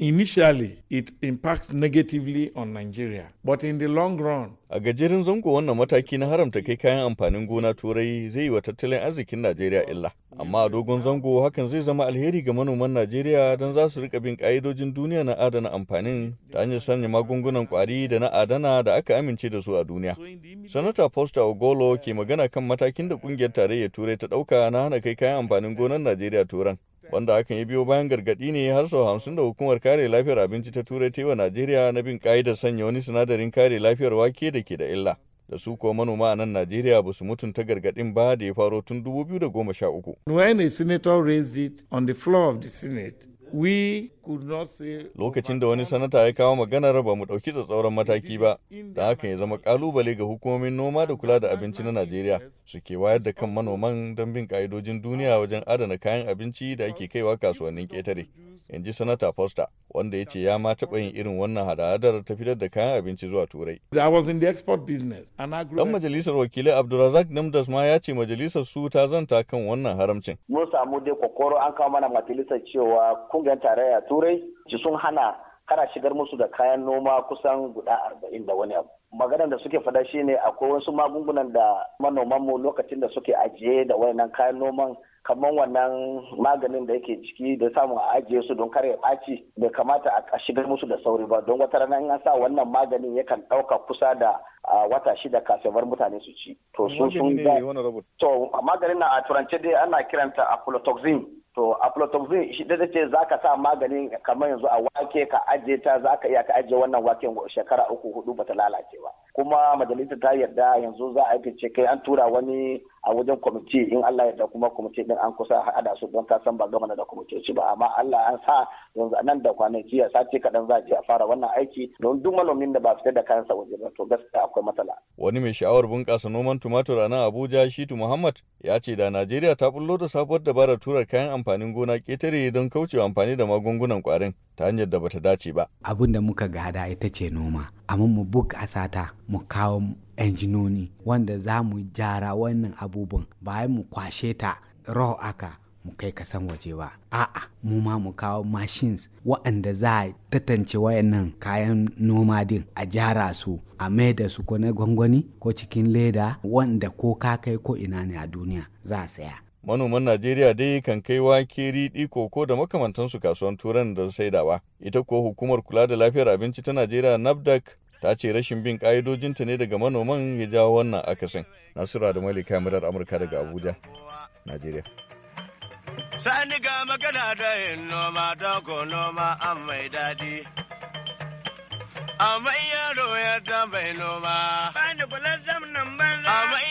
Initially, it impacts negatively on Nigeria, but in the long run, A gajerin zango wannan mataki na haramta kai kayan amfanin gona turai zai yi wa tattalin arzikin Najeriya illa. Amma a dogon zango hakan zai zama alheri ga manoman Najeriya don za su rika bin ka'idojin duniya na adana amfanin ta hanyar sanya magungunan kwari da na adana da aka amince da su a duniya. Sanata posta Ogolo ke magana kan matakin da ƙungiyar tarayyar Turai ta ɗauka na hana kai kayan amfanin gonar Najeriya turan. wanda hakan ya biyo bayan gargaɗi ne har sau hamsin da hukumar kare lafiyar abinci ta turai ta wa najeriya na bin ƙa'idar sanya wani sinadarin kare lafiyar wake da ke da illa da su kuwa manoma a nan najeriya ba su mutunta gargaɗin ba da ya faro tun 2013 when a senator raised it on the floor of the senate we Lokacin da wani sanata ya kawo maganar ba mu ɗauki tsatsauran mataki ba, da hakan ya zama kalubale ga hukumomin noma da kula da abinci na Najeriya suke wayar da kan manoman don bin ƙa'idojin duniya wajen adana kayan abinci da ake kaiwa kasuwannin ketare In ji Sanata Foster, wanda ya ce ya ma taɓa yin irin wannan hada-hadar ta fitar da kayan abinci zuwa Turai. Dan majalisar wakilai Abdulrazak Namdas ma ya ce majalisar su ta zanta kan wannan haramcin. Mun samu dai kokoro an kawo mana majalisar cewa kungiyar tarayya turai sun hana kana shigar musu da kayan noma kusan guda arba'in da wani abu maganar da suke fada ne akwai wasu magungunan da manomanmu lokacin da suke ajiye da wayannan kayan noman kamar wannan maganin da yake ciki da samun a ajiye su don kare ɓaci bai kamata a shigar musu da sauri ba don wata rana an sa wannan maganin yakan ɗauka kusa da wata shida kafin bar mutane su ci to sun sun to maganin na a turance dai ana kiranta aflatoxin to aflatoxin shi da ce za ka sa maganin kamar yanzu a wake ka ajiye ta za ka iya ka ajiye wannan waken shekara uku hudu bata lalace ba kuma majalisar ta yarda yanzu za a yi kai an tura wani a wajen kwamiti in Allah ya da kuma kwamiti din an kusa haɗa su don kasan ba gama da kwamiti ci ba amma Allah an sa yanzu nan da kwanaki ya sace kaɗan za a je a fara wannan aiki don duk manomin da ba fita da kayansa waje ba to gaskiya akwai matsala. Wani mai sha'awar bunƙasa noman tumatur a nan Abuja Shitu Muhammad ya ce da Najeriya ta bullo da sabuwar dabarar turar kayan amfanin gona ketare don kaucewa amfani da magungunan kwarin. ta hanyar da bata dace ba abin da muka gada ita ce noma amma mu buƙasa ta mu kawo injinoni wanda za mu jara wannan abubuwan bayan mu kwashe ta raw aka mu kai kasan waje ba a'a mu ma mu kawo machines waɗanda za a tantance wayannan kayan noma din a jara su a mai da su ko na gwangwani ko cikin leda wanda ko ka kai ko ina ne a duniya za a saya manoman najeriya dai kan kai wake riɗi ko da makamantansu kasuwan turan da sai saidawa ita kuwa hukumar kula da lafiyar abinci ta najeriya nafdac ta ce rashin bin ƙa'idojinta ne daga manoman ya jawo wannan akasin Nasiru da malika murar amurka daga abuja najeriya sani ga magana da yin noma noma an mai daɗi amma yaro ya ta bai noma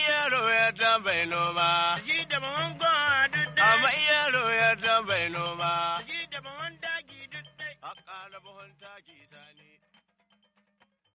yaro ya ta bai noma ba. Taji da bawan dagi duk dai. A ƙara bawan taki sani.